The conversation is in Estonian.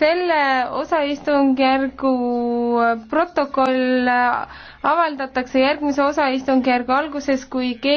selle osaistungjärgu protokoll avaldatakse järgmise osaistungjärgu alguses, kui keegi